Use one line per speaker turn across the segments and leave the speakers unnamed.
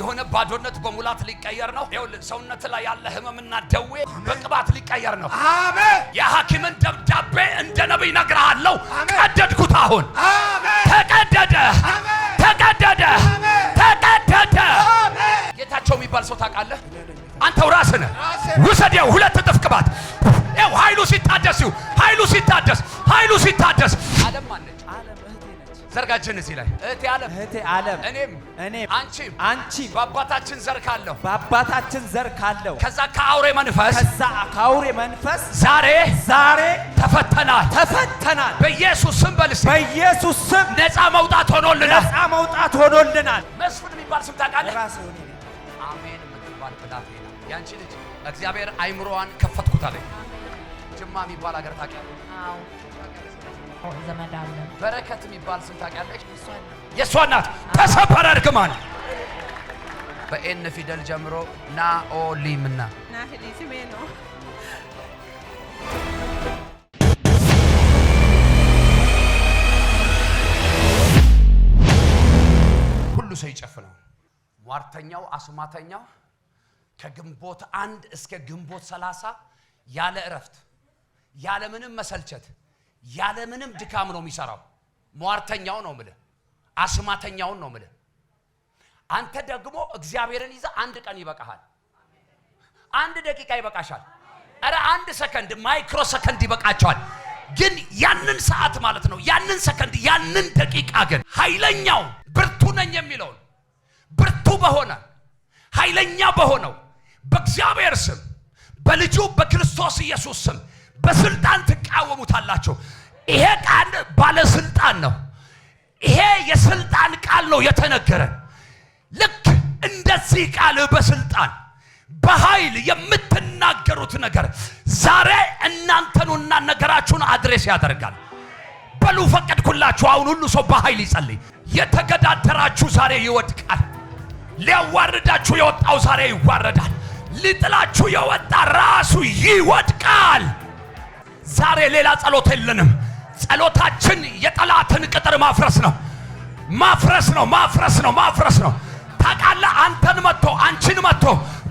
የሆነ ባዶነት በሙላት ሊቀየር ነው። ሰውነት ላይ ያለ ህመምና ደዌ በቅባት ሊቀየር ነው። አሜን። የሐኪምን ደብዳቤ እንደ ነቢይ ነግርሃለሁ። ቀደድኩት። አሁን ተቀደደ፣ ተቀደደ፣ ተቀደደ። ጌታቸው የሚባል ሰው ታውቃለህ? አንተው ራስህ ነህ። ውሰድ። ያው ሁለት እጥፍ ቅባት ኃይሉ ሲታደስ ኃይሉ ሲታደስ ኃይሉ ሲታደስ አለም አለች ዘርጋችን እዚህ ላይ
እህቴ ዓለም
እህቴ ዓለም እኔም እኔ አንቺ አንቺ
በአባታችን ዘር ካለው
በአባታችን ዘር ካለው
ከዛ ከአውሬ መንፈስ
ከዛ ከአውሬ መንፈስ ዛሬ ዛሬ
ተፈተናል
ተፈተናል።
በኢየሱስ ስም በልስ
በኢየሱስ ስም
ነፃ መውጣት ሆኖልናል።
ነፃ መውጣት ሆኖልናል።
መስፍን የሚባል ስም ታውቃለህ? ራሴ ሆኔ አሜን የምትባል ብላት ያንቺ ልጅ እግዚአብሔር አይምሮዋን ከፈትኩታለኝ ጅማ የሚባል ሀገር ታውቂያለሽ? በረከት የሚባል ስም ታውቂያለሽ? የእሷ እናት ተሰበረ እርግማን በኤን ፊደል ጀምሮ ናኦሊምና ሁሉ ሰው ይጨፍነው። ሟርተኛው አስማተኛው ከግንቦት አንድ እስከ ግንቦት ሰላሳ ያለ እረፍት ያለምንም መሰልቸት ያለምንም ድካም ነው የሚሰራው። ሟርተኛው ነው ምልህ፣ አስማተኛውን ነው ምልህ። አንተ ደግሞ እግዚአብሔርን ይዘህ አንድ ቀን ይበቃሃል። አንድ ደቂቃ ይበቃሻል። ኧረ አንድ ሰከንድ ማይክሮ ሰከንድ ይበቃቸዋል። ግን ያንን ሰዓት ማለት ነው ያንን ሰከንድ ያንን ደቂቃ ግን ኃይለኛው ብርቱ ነኝ የሚለውን ብርቱ በሆነ ኃይለኛ በሆነው በእግዚአብሔር ስም በልጁ በክርስቶስ ኢየሱስ ስም በስልጣን ትቃወሙታላችሁ። ይሄ ቃል ባለስልጣን ነው። ይሄ የስልጣን ቃል ነው የተነገረን። ልክ እንደዚህ ቃል በስልጣን በኃይል የምትናገሩት ነገር ዛሬ እናንተኑና ነገራችሁን አድሬስ ያደርጋል። በሉ ፈቀድኩላችሁ። አሁን ሁሉ ሰው በኃይል ይጸልይ። የተገዳደራችሁ ዛሬ ይወድቃል። ሊያዋርዳችሁ የወጣው ዛሬ ይዋረዳል። ሊጥላችሁ የወጣ ራሱ ይወድቃል። ዛሬ ሌላ ጸሎት የለንም። ጸሎታችን የጠላትን ቅጥር ማፍረስ ነው፣ ማፍረስ ነው፣ ማፍረስ ነው፣ ማፍረስ ነው። ታውቃለህ፣ አንተን መጥቶ አንቺን መጥቶ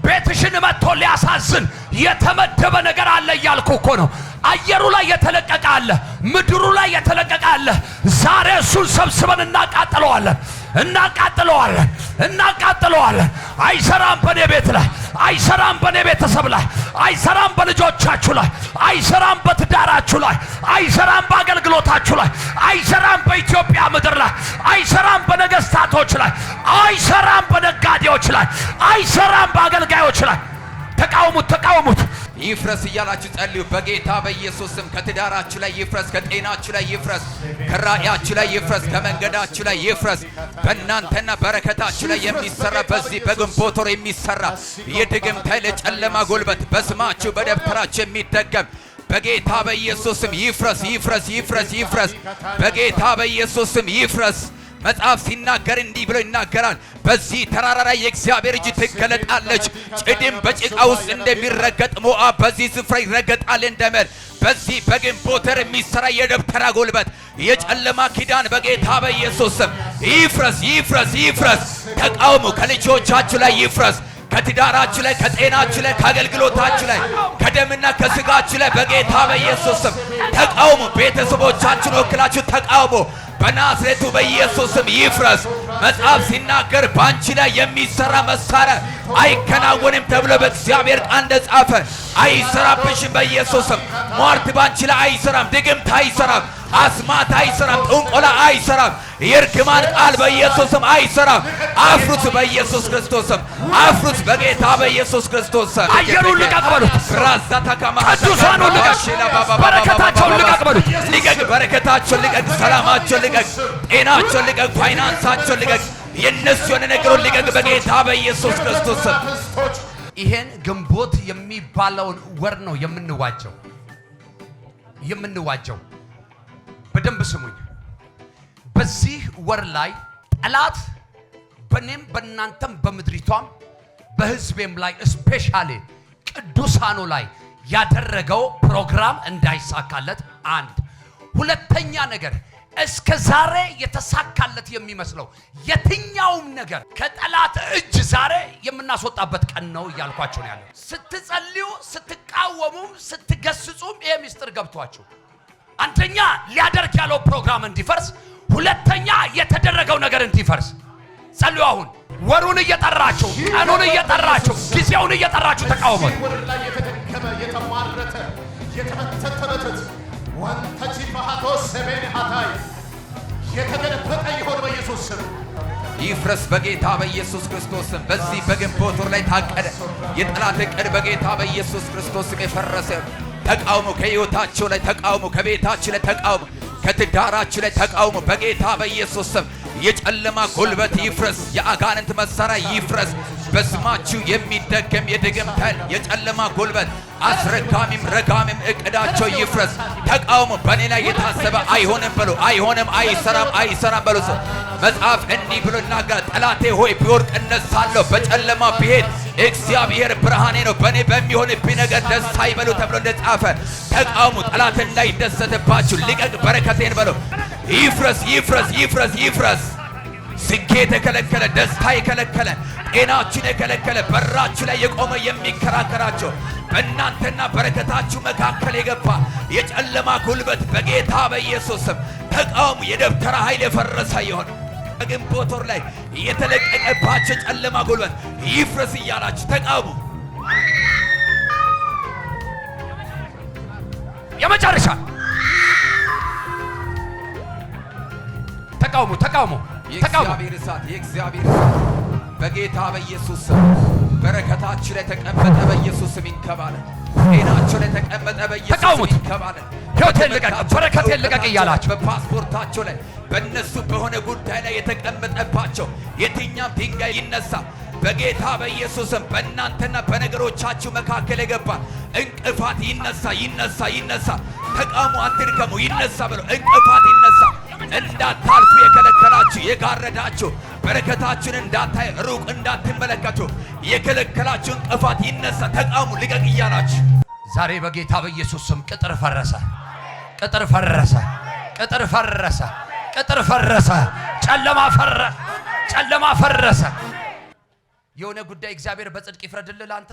ቤትሽን መጥቶ ሊያሳዝን የተመደበ ነገር አለ እያልኩ እኮ ነው። አየሩ ላይ የተለቀቀ አለ፣ ምድሩ ላይ የተለቀቀ አለ። ዛሬ እሱን ሰብስበን እናቃጥለዋለን፣ እናቃጥለዋለን፣ እናቃጥለዋለን። አይሰራም በኔ ቤት ላይ አይሰራም በእኔ ቤተሰብ ላይ አይሰራም በልጆቻችሁ ላይ አይሰራም በትዳራችሁ ላይ አይሰራም በአገልግሎታችሁ ላይ አይሰራም በኢትዮጵያ ምድር ላይ አይሰራም በነገስታቶች ላይ አይሰራም በነጋዴዎች ላይ አይሰራም በአገልጋዮች ላይ ተቃውሙት ተቃውሙት ይፍረስ እያላችሁ ጸልዩ። በጌታ በኢየሱስ ስም ከትዳራችሁ ላይ ይፍረስ፣ ከጤናችሁ ላይ ይፍረስ፣ ከራእያችሁ ላይ ይፍረስ፣ ከመንገዳችሁ ላይ ይፍረስ። በእናንተና በረከታችሁ ላይ የሚሰራ በዚህ በግንቦት ወር የሚሰራ የድግምት ኃይል፣ የጨለማ ጉልበት በስማችሁ በደብተራችሁ የሚደገም በጌታ በኢየሱስ ስም ይፍረስ፣ ይፍረስ፣ ይፍረስ፣ ይፍረስ። በጌታ በኢየሱስ ስም ይፍረስ። መጽሐፍ ሲናገር እንዲህ ብሎ ይናገራል። በዚህ ተራራ ላይ የእግዚአብሔር እጅ ትገለጣለች። ጭድም በጭቃ ውስጥ እንደሚረገጥ ሞዓብ በዚህ ስፍራ ይረገጣል እንደመል በዚህ በግንቦተር የሚሰራ የደብተራ ጉልበት የጨለማ ኪዳን በጌታ በኢየሱስ ስም ይፍረስ፣ ይፍረስ፣ ይፍረስ። ተቃውሞ ከልጆቻችሁ ላይ ይፍረስ። ከትዳራችሁ ላይ፣ ከጤናችሁ ላይ፣ ከአገልግሎታችሁ ላይ፣ ከደምና ከስጋችሁ ላይ በጌታ በኢየሱስ ስም ተቃውሞ ቤተሰቦቻችሁን ወክላችሁ ተቃውሞ በናዝሬቱ በኢየሱስ ስም ይፍረስ። መጽሐፍ ሲናገር በአንቺ ላይ የሚሰራ መሳሪያ አይከናወንም ተብሎ በእግዚአብሔር ቃል እንደጻፈ አይሰራብሽም። በኢየሱስ ስም ሟርት ባንቺ ላይ አይሰራም፣ ድግምት አይሰራም። አስማት አይሰራም። ጥንቆላ አይሰራም። የእርግማን ቃል በኢየሱስ ስም አይሰራም። አፍሩት በኢየሱስ ክርስቶስ ስም አፍሩት በጌታ በኢየሱስ ክርስቶስ ስም። አየሩን ልቀቅ በሉት። ራዛ ተካማ ቅዱሳኑን ልቀቅ። በረከታቸውን ልቀቅ በሉት። ልቀቅ፣ በረከታቸውን ልቀቅ፣ ሰላማቸውን ልቀቅ፣ ጤናቸውን ልቀቅ፣ ፋይናንሳቸውን ልቀቅ፣ የእነሱ የሆነ ነገሩን ልቀቅ በጌታ በኢየሱስ ክርስቶስ ስም። ይሄን ግንቦት የሚባለውን ወር ነው የምንዋጀው የምንዋጀው በደንብ ስሙኝ። በዚህ ወር ላይ ጠላት በእኔም በእናንተም በምድሪቷም በህዝቤም ላይ ስፔሻሊ ቅዱሳኑ ላይ ያደረገው ፕሮግራም እንዳይሳካለት አንድ ሁለተኛ ነገር እስከ ዛሬ የተሳካለት የሚመስለው የትኛውም ነገር ከጠላት እጅ ዛሬ የምናስወጣበት ቀን ነው እያልኳቸው ነው ያለው። ስትጸልዩ፣ ስትቃወሙም፣ ስትገስጹም ይሄ ሚስጥር ገብቷችሁ አንደኛ ሊያደርግ ያለው ፕሮግራም እንዲፈርስ፣ ሁለተኛ የተደረገው ነገር እንዲፈርስ ጸልዩ። አሁን ወሩን እየጠራችሁ ቀኑን እየጠራችሁ ጊዜውን እየጠራችሁ ተቃወሙት። ተቃውሞ ይፍረስ በጌታ በኢየሱስ ክርስቶስም። በዚህ በግንቦት ወር ላይ ታቀደ የጠላት ዕቅድ በጌታ በኢየሱስ ክርስቶስ የፈረሰ ተቃውሞ ከህይወታቸው ላይ ተቃውሞ ከቤታችሁ ላይ ተቃውሞ ከትዳራችሁ ላይ ተቃውሞ በጌታ በኢየሱስ ስም የጨለማ ጉልበት ይፍረስ። የአጋንንት መሳሪያ ይፍረስ። በስማችሁ የሚደገም የድግምተል የጨለማ ጉልበት አስረጋሚም ረጋሚም እቅዳቸው ይፍረስ። ተቃውሞ በእኔ ላይ የታሰበ አይሆንም በሉ። አይሆንም፣ አይሰራም፣ አይሰራም በሉ። መጽሐፍ እንዲህ ብሎ ይናገራል። ጠላቴ ሆይ ቢወርቅ እነሳለሁ፣ በጨለማ ብሄድ እግዚአብሔር ብርሃኔ ነው፣ በእኔ በሚሆንብኝ ነገር ደስ ይበሉ ተብሎ እንደጻፈ ተቃውሙ፣ ጠላት እንዳይደሰትባችሁ ልቀቅ፣ በረከቴን በለው። ይፍረስ፣ ይፍረስ፣ ይፍረስ፣ ይፍረስ። ስኬ የከለከለ ደስታ የከለከለ ጤናችን የከለከለ በራችሁ ላይ የቆመ የሚከራከራቸው በእናንተና በረከታችሁ መካከል የገባ የጨለማ ጉልበት በጌታ በኢየሱስ ስም ተቃውሙ። የደብተራ ኃይል የፈረሰ ይሆን በግንቦት ወር ላይ የተለቀቀባቸው ጨለማ ጉልበት ይፍረስ እያላችሁ ተቃቡ። የመጨረሻ ተቃውሞ ተቃውሞ የእግዚአብሔር እሳት የእግዚአብሔር እሳት በጌታ በኢየሱስ ስም በረከታችሁ ላይ ተቀመጠ። በኢየሱስ ስም ይንከባለ ጤናችሁ ላይ ተቀመጠ። በኢየሱስ ስም ይንከባለ ሕይወቴን ልቀቅ፣ በረከቴን ልቀቅ እያላችሁ በፓስፖርታችሁ ላይ በእነሱ በሆነ ጉዳይ ላይ የተቀመጠባቸው የትኛም ድንጋይ ይነሳ በጌታ በኢየሱስም በእናንተና በነገሮቻችሁ መካከል የገባ እንቅፋት ይነሳ ይነሳ ይነሳ። ተቃውሞ አትድከሙ፣ ይነሳ ብለው እንቅፋት ይነሳ። እንዳታልፉ የከለከላችሁ የጋረዳችሁ፣ በረከታችሁን እንዳታይ ሩቅ እንዳትመለከቱ የከለከላችሁ እንቅፋት ይነሳ። ተቃውሞ ልቀቅ እያላችሁ ዛሬ በጌታ በኢየሱስም ቅጥር ፈረሰ፣ ቅጥር ፈረሰ፣ ቅጥር ፈረሰ። ቅጥር ፈረሰ፣ ጨለማ ፈረሰ፣ ጨለማ ፈረሰ። የሆነ ጉዳይ እግዚአብሔር በጽድቅ ይፍረድልህ፣ አንተ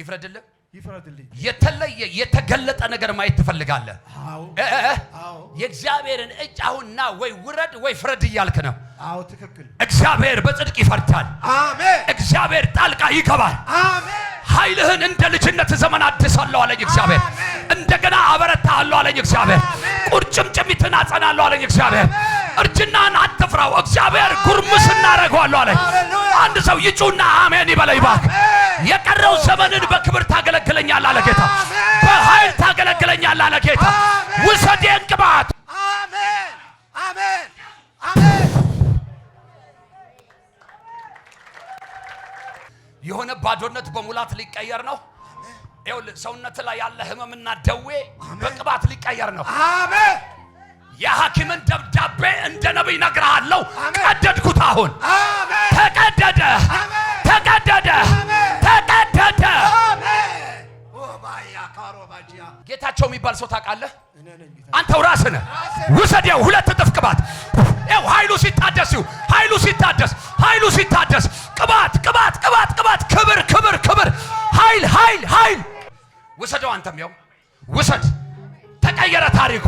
ይፍረድልህ። የተለየ የተገለጠ ነገር ማየት ትፈልጋለህ። የእግዚአብሔርን እጅ አሁንና ወይ ውረድ ወይ ፍረድ እያልክ ነው። እግዚአብሔር በጽድቅ ይፈርዳል። እግዚአብሔር ጣልቃ ይገባል። ኃይልህን እንደ ልጅነት ዘመን አድሳለሁ አለኝ እግዚአብሔር። እንደገና አበረታለሁ አለኝ እግዚአብሔር። ቁርጭምጭሚትን አጸናለሁ አለኝ እግዚአብሔር። እርጅናን አትፍራው እግዚአብሔር ጉርምስና አደርገዋለሁ አለኝ። አንድ ሰው ይጩና አሜን ይበለይ ባክ የቀረው ዘመንን በክብር ታገለግለኛል አለ ጌታ። በኃይል ታገለግለኛል አለ ጌታ። ውሰዴን ቅባት የሆነ ባዶነት በሙላት ሊቀየር ነው። ሰውነት ላይ ያለ ህመምና ደዌ በቅባት ሊቀየር ነው። የሐኪምን ደብዳቤ እንደ ነቢይ ነግርሃለሁ። ቀደድኩት። አሁን ተቀደደ፣ ተቀደደ፣ ተቀደደ። ጌታቸው የሚባል ሰው ታውቃለህ? አንተው ራስህ ነህ። ውሰድ፣ ያው ሁለት እጥፍ ቅባት። ያው ኃይሉ ሲታደስ ይሁ ኃይሉ ሲታደስ ኃይሉ ሲታደስ ቅባት፣ ቅባት፣ ቅባት፣ ቅባት፣ ክብር፣ ክብር፣ ክብር፣ ኃይል፣ ኃይል፣ ኃይል። ውሰደው፣ አንተም ያው ውሰድ። ተቀየረ ታሪኩ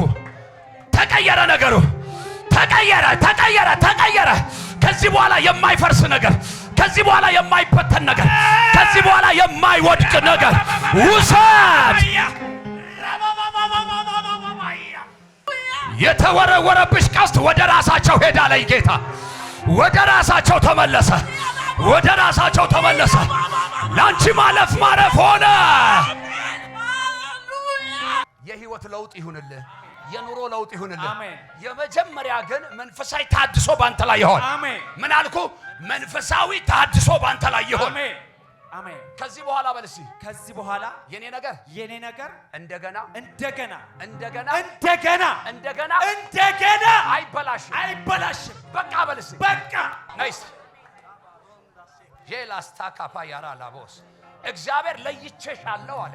ተቀየረ ነገሩ። ተቀየረ፣ ተቀየረ፣ ተቀየረ። ከዚህ በኋላ የማይፈርስ ነገር፣ ከዚህ በኋላ የማይበተን ነገር፣ ከዚህ በኋላ የማይወድቅ ነገር ውሰድ። የተወረወረብሽ ቀስት ወደ ራሳቸው ሄዳ ላይ ጌታ ወደ ራሳቸው ተመለሰ፣ ወደ ራሳቸው ተመለሰ። ላንቺ ማለፍ ማረፍ ሆነ። የህይወት ለውጥ ይሁንልህ። የኑሮ ለውጥ ይሁንልን። የመጀመሪያ ግን መንፈሳዊ ታድሶ ባንተ ላይ ይሆን። ምን አልኩ? መንፈሳዊ ታድሶ ባንተ ላይ ይሆን። አሜን። ከዚህ በኋላ በልሲ
ከዚህ በኋላ የኔ ነገር የኔ ነገር እንደገና እንደገና እንደገና እንደገና እንደገና እንደገና አይበላሽም አይበላሽም። በቃ በልሲ በቃ
ናይስ ጄላስታ ካፓ ያራ ላቦስ እግዚአብሔር ለይቼሻለሁ አለ።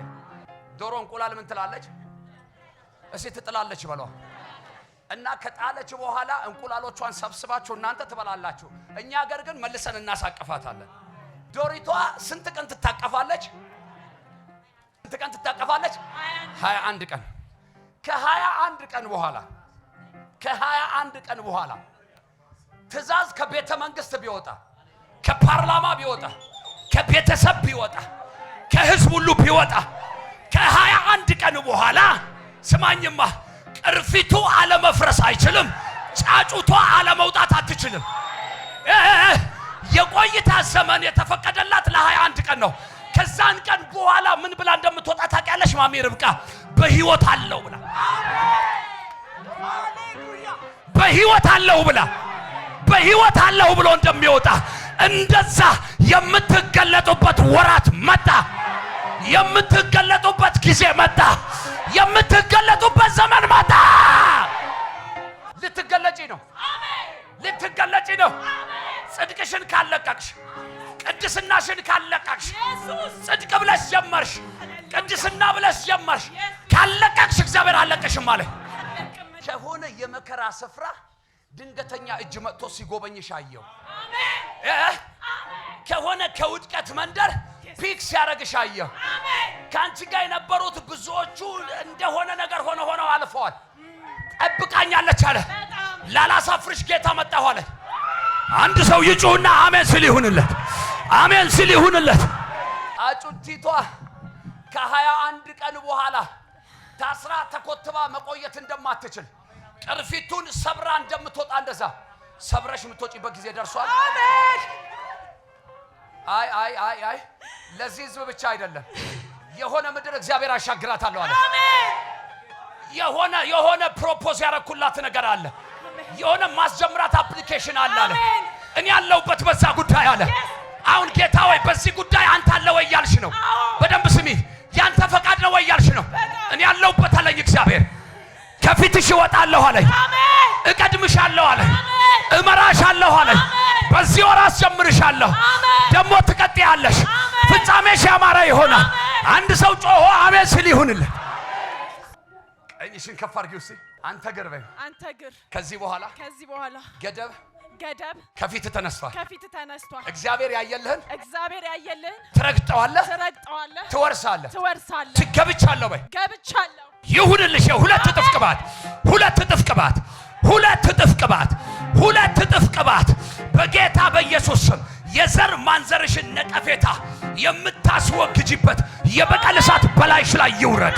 ዶሮ እንቁላል ምን ትላለች? እሴት ትጥላለች በሏ እና ከጣለች በኋላ እንቁላሎቿን ሰብስባችሁ እናንተ ትበላላችሁ። እኛ ሀገር ግን መልሰን እናሳቅፋታለን። ዶሪቷ ስንት ቀን ትታቀፋለች? ስንት ቀን ትታቀፋለች? ሀያ አንድ ቀን። ከሀያ አንድ ቀን በኋላ ከሀያ አንድ ቀን በኋላ ትዕዛዝ ከቤተ መንግስት ቢወጣ ከፓርላማ ቢወጣ ከቤተሰብ ቢወጣ ከህዝብ ሁሉ ቢወጣ ከሀያ አንድ ቀን በኋላ ስማኝማ፣ ቅርፊቱ አለመፍረስ አይችልም። ጫጩቷ አለመውጣት አትችልም። የቆይታ ዘመን የተፈቀደላት ለሀያ አንድ ቀን ነው። ከዛን ቀን በኋላ ምን ብላ እንደምትወጣ ታውቂያለሽ? ማሚ ርብቃ በህይወት አለው ብላ በህይወት አለው ብላ በህይወት አለው ብሎ እንደሚወጣ እንደዛ የምትገለጡበት ወራት መጣ። የምትገለጡበት ጊዜ መጣ። የምትገለጡበት ዘመን መጣ። ልትገለጪ ነው። ልትገለጪ ነው። ጽድቅሽን ካለቀቅሽ፣ ቅድስናሽን ካለቀቅሽ፣ ጽድቅ ብለሽ ጀመርሽ፣ ቅድስና ብለሽ ጀመርሽ፣ ካለቀቅሽ እግዚአብሔር አለቀሽም አለ። ከሆነ የመከራ ስፍራ ድንገተኛ እጅ መጥቶ ሲጎበኝሽ አየው። ከሆነ ከውድቀት መንደር ፒክ ሲያደርግሽ አየሁ። ከአንቺ ጋር የነበሩት ብዙዎቹ እንደሆነ ነገር ሆነ ሆነው አልፈዋል። ጠብቃኛለች አለ። ላላሳፍርሽ ጌታ መጣሁ አለ። አንድ ሰው ይጩህና አሜን ስል ይሁንለት፣ አሜን ስል ይሁንለት። አጩቲቷ ከሀያ አንድ ቀን በኋላ ታስራ ተኮትባ መቆየት እንደማትችል ቅርፊቱን ሰብራ እንደምትወጣ እንደዛ ሰብረሽ የምትወጪበት ጊዜ ደርሷል። አይ አይ አይ አይ ለዚህ ህዝብ ብቻ አይደለም። የሆነ ምድር እግዚአብሔር አሻግራታለሁ አለ። የሆነ የሆነ ፕሮፖዝ ያረኩላት ነገር አለ። የሆነ ማስጀምራት አፕሊኬሽን አለ አለ። እኔ ያለሁበት በዛ ጉዳይ አለ። አሁን ጌታ ወይ በዚህ ጉዳይ አንተ አለ ወይ እያልሽ ነው። በደንብ ስሚ። ያንተ ፈቃድ ነው ወይ እያልሽ ነው። እኔ ያለሁበት አለኝ እግዚአብሔር። ከፊትሽ እወጣለሁ አለኝ። እቀድምሻለሁ አለኝ። እመራሻለሁ አለ። በዚህ ወር አስጀምርሻለሁ፣ ደግሞ ትቀጥያለሽ፣ ፍጻሜሽ ያማረ ይሆናል። አንድ ሰው ጮሆ አሜን ሲል ይሁንልህ። ቀኝሽን ከፍ አድርጊው። እስኪ አንተ ግር በይ። አንተ ግር። ከዚህ በኋላ ከዚህ በኋላ ገደብ ገደብ ከፊት ተነስቷል።
ከፊት ተነስቷል።
እግዚአብሔር ያየልህን
እግዚአብሔር ያየልህን
ትረግጠዋለህ፣
ትረግጠዋለህ፣ ትወርሳለህ፣ ትወርሳለህ።
ትገብቻለሁ በይ፣
ገብቻለሁ።
ይሁንልሽ። ሁለት እጥፍ ቅባት፣ ሁለት እጥፍ ቅባት፣ ሁለት እጥፍ ቅባት ሁለት እጥፍ ቅባት በጌታ በኢየሱስ ስም የዘር ማንዘርሽን ነቀፌታ የምታስወግጂበት የበቀል እሳት በላይሽ ላይ ይውረድ።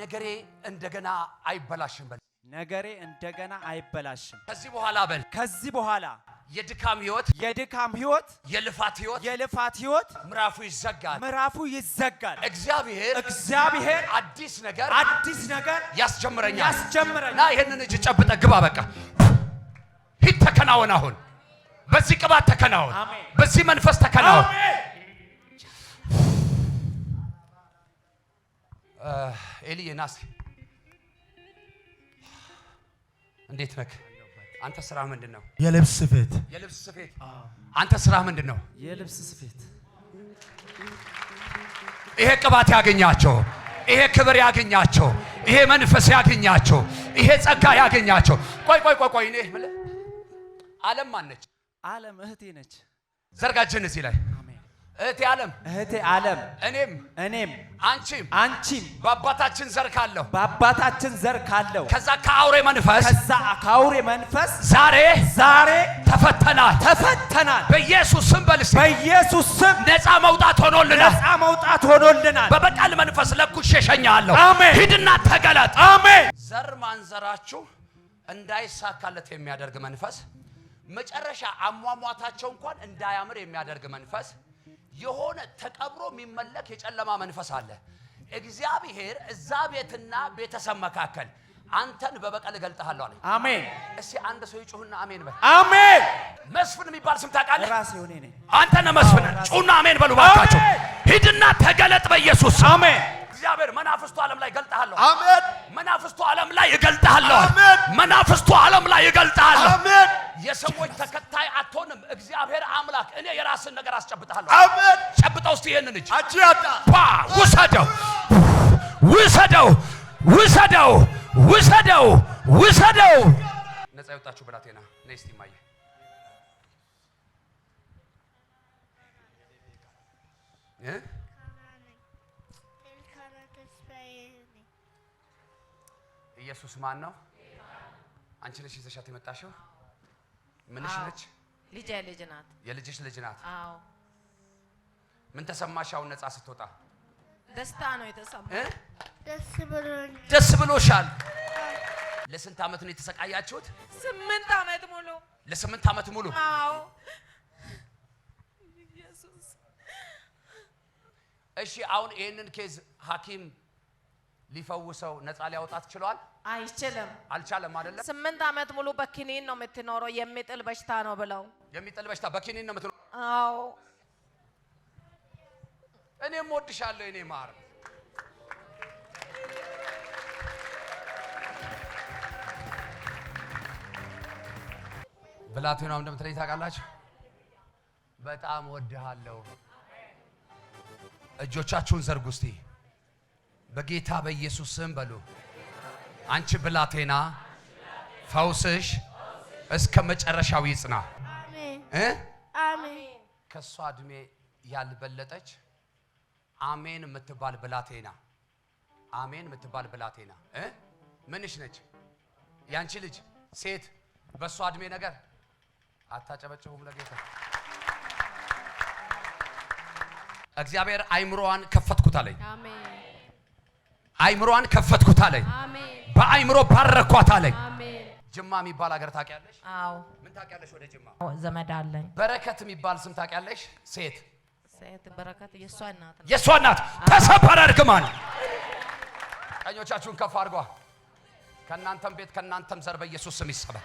ነገሬ እንደገና አይበላሽም በል።
ነገሬ እንደገና አይበላሽም።
ከዚህ በኋላ በል።
ከዚህ በኋላ
የድካም ህይወት
የድካም ህይወት
የልፋት ህይወት
የልፋት ህይወት
ምዕራፉ ይዘጋል።
ምዕራፉ ይዘጋል።
እግዚአብሔር
እግዚአብሔር
አዲስ ነገር
አዲስ ነገር
ያስጀምረኛል
ያስጀምረኛል።
ና ይሄንን እጅ ጨብጠ ግባ በቃ ተከናወን። አሁን በዚህ ቅባት ተከናወን፣ በዚህ መንፈስ ተከናወን። ኤልዬ ናስ እንዴት ነክ አንተ ስራ ምንድን ነው?
የልብስ ስፌት።
የልብስ ስፌት። አንተ ስራ ምንድን ነው?
የልብስ ስፌት።
ይሄ ቅባት ያገኛቸው፣ ይሄ ክብር ያገኛቸው፣ ይሄ መንፈስ ያገኛቸው፣ ይሄ ጸጋ ያገኛቸው። ቆይ ቆይ ቆይ ቆይ እኔ ዓለም ማን ነች?
ዓለም እህቴ ነች።
ዘርጋችን እዚህ ላይ እህቴ ዓለም
እህቴ ዓለም እኔም እኔም አንቺም አንቺም
በአባታችን ዘር ካለው
በአባታችን ዘር ካለው
ከዛ ከአውሬ መንፈስ
ከዛ ከአውሬ መንፈስ ዛሬ ዛሬ
ተፈተናል
ተፈተናል።
በኢየሱስ ስም በልስ
በኢየሱስ ስም
ነፃ መውጣት ሆኖልናል። ነፃ
መውጣት ሆኖልናል።
በበቀል መንፈስ ለኩሽ እሸኛለሁ። አሜን። ሂድና ተገለጥ። አሜን። ዘር ማንዘራችሁ እንዳይሳካለት የሚያደርግ መንፈስ መጨረሻ አሟሟታቸው እንኳን እንዳያምር የሚያደርግ መንፈስ፣ የሆነ ተቀብሮ የሚመለክ የጨለማ መንፈስ አለ። እግዚአብሔር እዛ ቤትና ቤተሰብ መካከል አንተን በበቀል እገልጥሃለሁ አለ። አሜን። እስቲ አንድ ሰው ይጩህና አሜን በል። አሜን። መስፍን የሚባል ስም ታውቃለህ? ራሴ ሆኔ ነኝ። አንተ ነህ መስፍን። ጩና አሜን በሉ ባካቸው። ሂድና ተገለጥ በኢየሱስ አሜን። እግዚአብሔር መናፍስቱ ዓለም ላይ ገልጣለሁ። አሜን። መናፍስቱ ዓለም ላይ ይገልጣለሁ። አሜን። መናፍስቱ ዓለም ላይ ይገልጣለሁ። አሜን። የሰዎች ተከታይ አትሆንም። እግዚአብሔር አምላክ እኔ የራስን ነገር አስጨብጣለሁ። አሜን። ጨብጠው እስቲ ይሄንን እጅ አጂያታ ባ ውሰደው፣ ውሰደው፣ ውሰደው፣ ውሰደው፣ ውሰደው። ነፃ ይወጣችሁ ብላቴና ነይ እስቲ ማየ
ኢየሱስ
ማን ነው? አንቺ ነሽ ይዘሻት የመጣሽው? ምንሽ ነች?
ልጅ ልጅ ናት።
የልጅሽ ልጅ ናት? አዎ። ምን ተሰማሽ አሁን ነፃ ስትወጣ?
ደስታ ነው የተሰማሽ? ደስ ብሎኝ።
ደስ ብሎሻል። ለስንት አመት ነው የተሰቃያችሁት?
ስምንት አመት ሙሉ።
ለስምንት አመት ሙሉ? አዎ። እሺ አሁን ይህንን ኬዝ ሐኪም ሊፈውሰው ነፃ ሊያወጣት ችሏል? አይችልም። አልቻለም
አይደለም። ስምንት ዓመት ሙሉ በኪኒን ነው የምትኖረው። የሚጥል በሽታ ነው ብለው
የሚጥል በሽታ በኪኒን ነው የምትኖረው። አዎ እኔም ወድሻለሁ እኔ ማር ብላቴናው እንደምትለኝ ታውቃላችሁ። በጣም ወድሃለሁ እጆቻችሁን ዘርጉ እስቲ በጌታ በኢየሱስ ስም በሉ። አንቺ ብላቴና ፈውስሽ እስከ መጨረሻው ይጽና። አሜን። ከእሷ እድሜ ያልበለጠች አሜን የምትባል ብላቴና አሜን የምትባል ብላቴና ምንሽ ነች? ያንቺ ልጅ ሴት በእሷ እድሜ ነገር አታጨበጭቡም ለጌታ እግዚአብሔር አይምሮዋን ከፈትኩት አለኝ። አይምሮዋን ከፈትኩት አለኝ። በአይምሮ ባረኳት አለኝ። ጅማ የሚባል ሀገር ታውቂያለሽ? አዎ። ምን ታውቂያለሽ? ወደ ጅማ
ዘመድ አለኝ።
በረከት የሚባል ስም ታውቂያለሽ? ሴት
ሴት በረከት የእሷ እናት
ነው። የእሷ እናት ተሰባረ እርግማን። ቀኞቻችሁን ከፍ አድርጓ። ከእናንተም ቤት ከእናንተም ዘር በኢየሱስ ስም ይሰበር።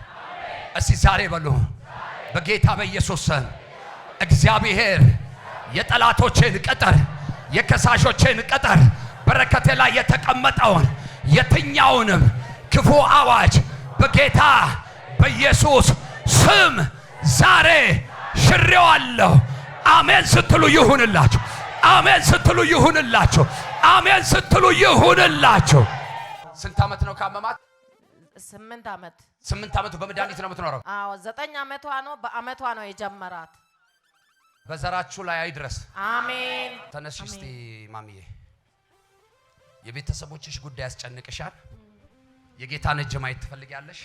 እስቲ ዛሬ በሉ በጌታ በኢየሱስ ስም እግዚአብሔር የጠላቶችን ቅጥር፣ የከሳሾችን ቅጥር፣ በረከቴ ላይ የተቀመጠውን የትኛውንም ክፉ አዋጅ በጌታ በኢየሱስ ስም ዛሬ ሽሬዋለሁ። አሜን ስትሉ ይሁንላችሁ። አሜን ስትሉ ይሁንላችሁ። አሜን ስትሉ ይሁንላችሁ። ስንት ዓመት ነው ካመማት?
ስምንት ዓመት።
ስምንት ዓመቱ በመድኃኒት ነው የምትኖረው?
አዎ፣ ዘጠኝ ዓመቷ ነው። በአመቷ ነው የጀመራት
በዘራችሁ ላይ አይድረስ። አሜን። ተነሽ እስቲ ማሚዬ። የቤተሰቦችሽ ጉዳይ ያስጨንቅሻል። የጌታን እጅ ማየት ትፈልጊያለሽ።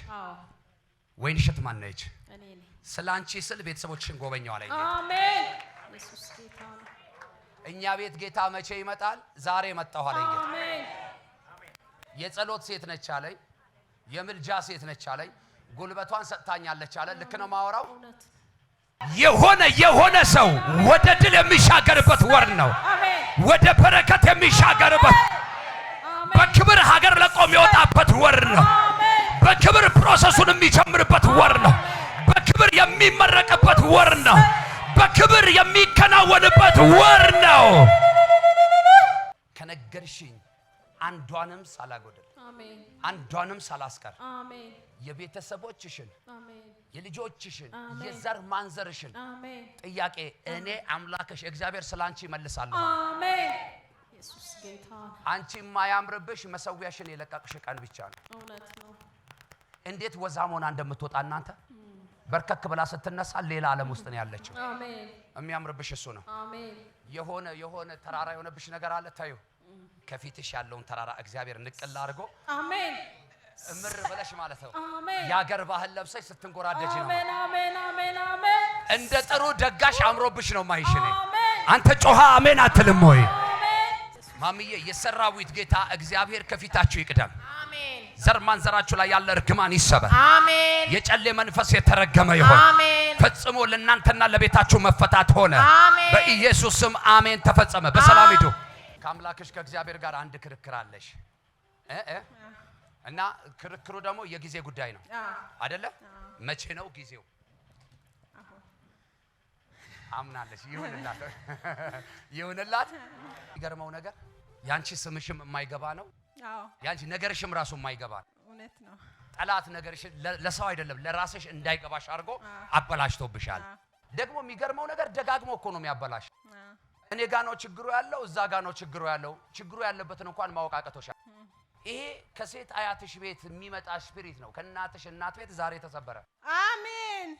ወይን ሽት ማነች? ስለ አንቺ ስል ቤተሰቦችሽን ጎበኛው ላይ
አሜን።
እኛ ቤት ጌታ መቼ ይመጣል? ዛሬ መጣሁ አለኝ። የጸሎት ሴት ነች አለኝ። የምልጃ ሴት ነች አለኝ። ጉልበቷን ሰጥታኛለች አለ። ልክ ነው ማወራው የሆነ የሆነ ሰው ወደ ድል የሚሻገርበት ወር ነው። ወደ በረከት የሚሻገርበት በክብር ሀገር ለቆ የሚወጣበት ወር ነው። በክብር ፕሮሰሱን የሚጀምርበት ወር ነው። በክብር የሚመረቅበት ወር ነው። በክብር የሚከናወንበት ወር ነው። ከነገርሽኝ አንዷንም ሳላጎድል
አንዷንም ሳላስቀር የቤተሰቦችሽን የልጆችሽን የዘር ማንዘርሽን ጥያቄ እኔ አምላክሽ እግዚአብሔር ስለ አንቺ ይመልሳለሁ። አሜን። ኢየሱስ ጌታ። አንቺ የማያምርብሽ መሰዊያሽን የለቀቅሽ ቀን ብቻ ነው። እውነት ነው። እንዴት ወዛሞና እንደምትወጣ እናንተ በርከክ ብላ ስትነሳ ሌላ ዓለም ውስጥ ነው ያለችው። የሚያምርብሽ እሱ ነው። የሆነ የሆነ ተራራ የሆነብሽ ነገር አለ። ታዩ ከፊትሽ ያለውን ተራራ እግዚአብሔር ንቅል አድርጎ እምር ብለሽ ማለት ነው። የአገር ባህል ለብሰሽ ስትንጎራደጅ ነው እንደ ጥሩ ደጋሽ አምሮብሽ ነው ማይሽ። አንተ ጮሃ አሜን አትልም ወይ ማሚዬ? የሰራዊት ጌታ እግዚአብሔር ከፊታችሁ ይቅደም። ዘር ማንዘራችሁ ላይ ያለ እርግማን ይሰበር። የጨሌ መንፈስ የተረገመ ይሆን ፈጽሞ ለእናንተና ለቤታችሁ መፈታት ሆነ በኢየሱስ ስም አሜን። ተፈጸመ። በሰላም ሂዱ። ከአምላክሽ ከእግዚአብሔር ጋር አንድ ክርክር አለሽ እና ክርክሩ ደግሞ የጊዜ ጉዳይ ነው አደለ? መቼ ነው ጊዜው? አምናለች። ይሁንላት ይሁንላት። የሚገርመው ነገር ያንቺ ስምሽም የማይገባ ነው። ያንቺ ነገርሽም ራሱ የማይገባ ነው። እውነት ነው። ጠላት ነገርሽ ለሰው አይደለም ለራስሽ እንዳይገባሽ አድርጎ አበላሽቶብሻል። ደግሞ የሚገርመው ነገር ደጋግሞ እኮ ነው የሚያበላሽ። እኔ ጋ ነው ችግሩ ያለው፣ እዛ ጋ ነው ችግሩ ያለው። ችግሩ ያለበትን እንኳን ማወቃቀቶሻል። ይሄ ከሴት አያትሽ ቤት የሚመጣ ስፒሪት ነው። ከእናትሽ እናት ቤት ዛሬ ተሰበረ። አሜን።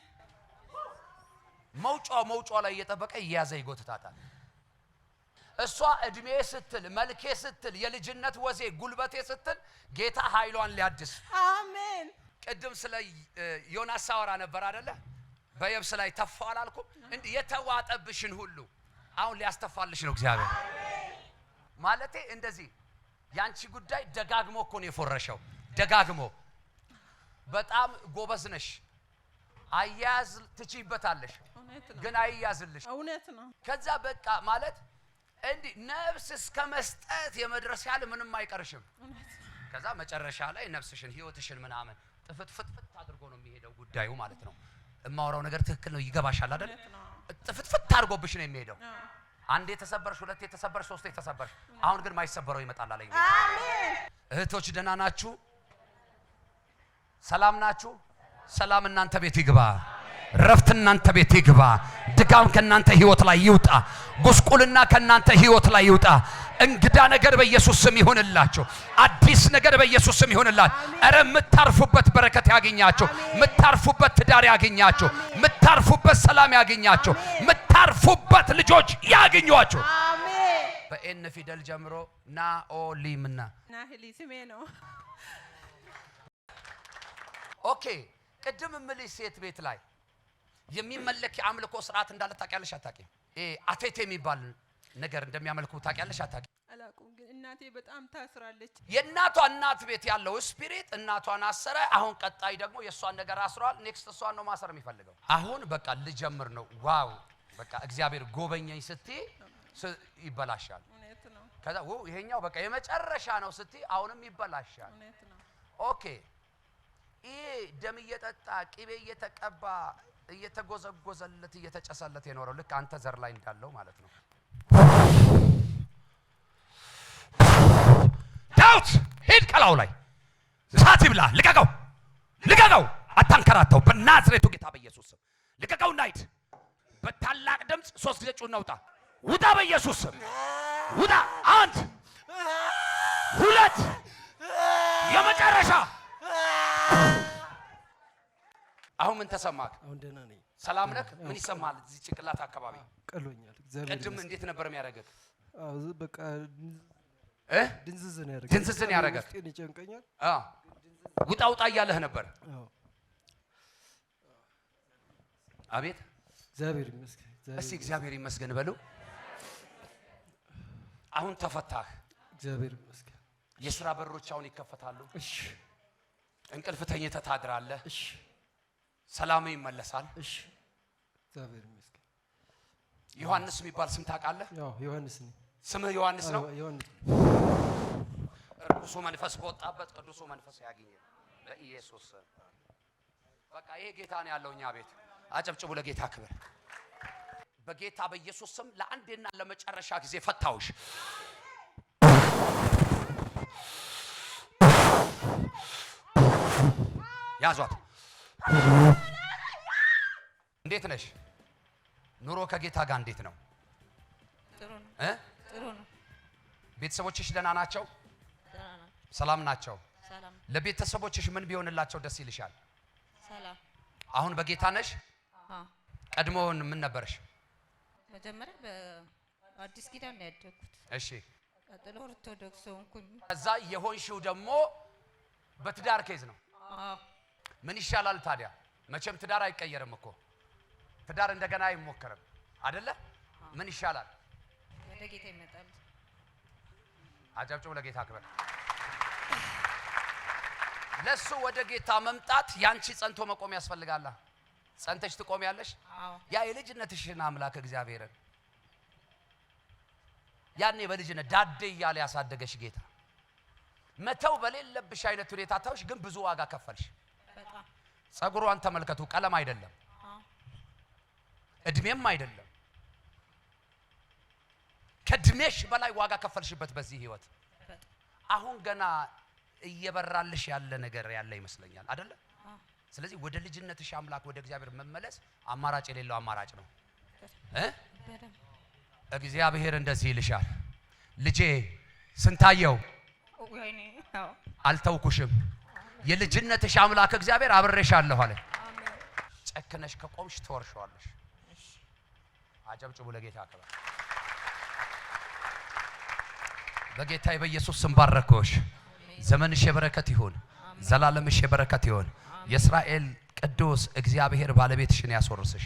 መውጫ መውጫ ላይ እየጠበቀ እየያዘ ይጎትታታል። እሷ እድሜ ስትል መልኬ ስትል የልጅነት ወዜ ጉልበቴ ስትል ጌታ ኃይሏን ሊያድስ አሜን። ቅድም ስለ ዮናስ ሳወራ ነበር አደለ? በየብስ ላይ ተፋ አላልኩም? እንዲህ የተዋጠብሽን ሁሉ አሁን ሊያስተፋልሽ ነው እግዚአብሔር። ማለቴ እንደዚህ ያንቺ ጉዳይ ደጋግሞ እኮ ነው የፎረሸው። ደጋግሞ በጣም ጎበዝ ነሽ፣ አያያዝ ትችይበታለሽ፣ ግን አያያዝልሽ። እውነት ነው። ከዛ በቃ ማለት እንዲህ ነፍስ እስከ መስጠት የመድረስ ያህል ምንም አይቀርሽም። ከዛ መጨረሻ ላይ ነፍስሽን ህይወትሽን ምናምን ጥፍትፍትፍት አድርጎ ነው የሚሄደው ጉዳዩ ማለት ነው። የማወራው ነገር ትክክል ነው። ይገባሻል አይደል? ጥፍትፍት አድርጎብሽ ነው የሚሄደው። አንድ የተሰበርሽ፣ ሁለት የተሰበርሽ፣ ሶስት የተሰበርሽ፣ አሁን ግን ማይሰበረው ይመጣል አለኝ። አሜን። እህቶች ደህና ናችሁ? ሰላም ናችሁ? ሰላም እናንተ ቤት ይግባ። ረፍት እናንተ ቤት ይግባ። ድጋም ከእናንተ ህይወት ላይ ይውጣ። ጉስቁልና ከእናንተ ህይወት ላይ ይውጣ። እንግዳ ነገር በኢየሱስ ስም ይሆንላቸው። አዲስ ነገር በኢየሱስ ስም ይሆንላቸው። እረ የምታርፉበት በረከት ያገኛቸው። የምታርፉበት ትዳር ያገኛቸው። የምታርፉበት ሰላም ያገኛቸው። የምታርፉበት ልጆች ያገኟቸው። በኤን ፊደል ጀምሮ ናኦሊምና ናህሊ ስሜ ነው። ኦኬ ቅድም እምልሽ ሴት ቤት ላይ የሚመለክ የአምልኮ ስርዓት እንዳለ ታውቂያለሽ አታውቂም? ይሄ የሚባል ነገር እንደሚያመልኩ ታውቂያለሽ አታውቂም? አላውቅም፣ ግን እናቴ በጣም ታስራለች። የእናቷ እናት ቤት ያለው ስፒሪት እናቷን አሰረ። አሁን ቀጣይ ደግሞ የእሷን ነገር አስረዋል። ኔክስት እሷን ነው ማሰር የሚፈልገው። አሁን በቃ ልጀምር ነው። ዋው በቃ እግዚአብሔር ጎበኘኝ ስትይ ይበላሻል። ከዛ ይሄኛው በቃ የመጨረሻ ነው ስትይ አሁንም ይበላሻል። ኦኬ ይሄ ደም እየጠጣ ቅቤ እየተቀባ እየተጎዘጎዘለት እየተጨሰለት የኖረው ልክ አንተ ዘር ላይ እንዳለው ማለት ነው። ዳውት ሂድ ቀላው ላይ እሳት ይብላ። ልቀቀው፣ ልቀቀው፣ አታንከራተው። በናዝሬቱ ጌታ በኢየሱስ ስም ልቀቀው። ናይት በታላቅ ድምፅ ሶስት ጊዜ ጩኸና ውጣ፣ ውጣ፣ በኢየሱስ ስም ውጣ። አንድ ሁለት፣ የመጨረሻ አሁን ምን ተሰማክ? አሁን ደህና ነኝ። ሰላም ነክ? ምን ይሰማል? እዚህ ጭንቅላት አካባቢ ቀሎኛል። እግዚአብሔር ቅድም እንዴት ነበር የሚያደርገህ? አዎ በቃ እ ድንዝዝ ነው ያደርገህ። ድንዝዝ ነው ያደርገህ። ጤን ይጨንቀኛል። አዎ ውጣ ውጣ እያለህ ነበር። አቤት እግዚአብሔር ይመስገን። እስቲ እግዚአብሔር ይመስገን በሉ። አሁን ተፈታህ። እግዚአብሔር ይመስገን። የሥራ በሮች አሁን ይከፈታሉ። እሺ። እንቅልፍ ተኝተህ ታድራለህ። እሺ ሰላም ይመለሳል። እሺ እግዚአብሔር ይመስገን። ዮሐንስ የሚባል ስም ታውቃለህ? ያው ዮሐንስ ነው ስምህ። ዮሐንስ ነው። ቅዱሱ መንፈስ በወጣበት ቅዱሱ መንፈስ ያገኘ በኢየሱስ በቃ ይሄ ጌታ ነው ያለው እኛ ቤት። አጨብጭቡ ለጌታ ክብር። በጌታ በኢየሱስ ስም ለአንዴና ለመጨረሻ ጊዜ ፈታውሽ። ያዟት እንዴት ነሽ? ኑሮ ከጌታ ጋር እንዴት ነው? ቤተሰቦችሽ ደህና ናቸው? ሰላም ናቸው? ለቤተሰቦችሽ ምን ቢሆንላቸው ደስ ይልሻል? አሁን በጌታ ነሽ? ቀድሞውን ምን ነበርሽ? መጀመሪያ በአዲስ ኪዳን ነው ያደግኩት። እሺ። ቀጥሎ ኦርቶዶክስ ሆንኩኝ። ከዛ የሆንሽው ደግሞ በትዳር ኬዝ ነው? ምን ይሻላል ታዲያ? መቼም ትዳር አይቀየርም እኮ ትዳር እንደገና አይሞከርም አደለ? ምን ይሻላል? ወደ ጌታ ይመጣል። አጨብጭቡ ለጌታ ክብር። ለሱ ወደ ጌታ መምጣት ያንቺ ጸንቶ መቆም ያስፈልጋል። ጸንተሽ ትቆሚያለሽ። ያ የልጅነትሽን አምላክ እግዚአብሔርን ያኔ በልጅነት ዳዴ እያለ ያሳደገሽ ጌታ መተው በሌለብሽ አይነት ሁኔታ ታውሽ፣ ግን ብዙ ዋጋ ከፈልሽ። ጸጉሯን ተመልከቱ። ቀለም አይደለም፣ እድሜም አይደለም። ከእድሜሽ በላይ ዋጋ ከፈልሽበት በዚህ ህይወት። አሁን ገና እየበራልሽ ያለ ነገር ያለ ይመስለኛል አይደለ? ስለዚህ ወደ ልጅነትሽ አምላክ ወደ እግዚአብሔር መመለስ አማራጭ የሌለው አማራጭ ነው። እግዚአብሔር እንደዚህ ይልሻል፣ ልጄ ስንታየው አልተውኩሽም የልጅነትሽ አምላክ እግዚአብሔር አብሬሻለሁ አለ። ጨክነሽ ከቆምሽ ትወርሸዋለሽ። አጨብጭቡ ለጌታ ክብር። በጌታ በኢየሱስ ስም ባረኮሽ። ዘመንሽ የበረከት ይሁን። ዘላለምሽ የበረከት ይሁን። የእስራኤል ቅዱስ እግዚአብሔር ባለቤትሽን ያስወርስሽ።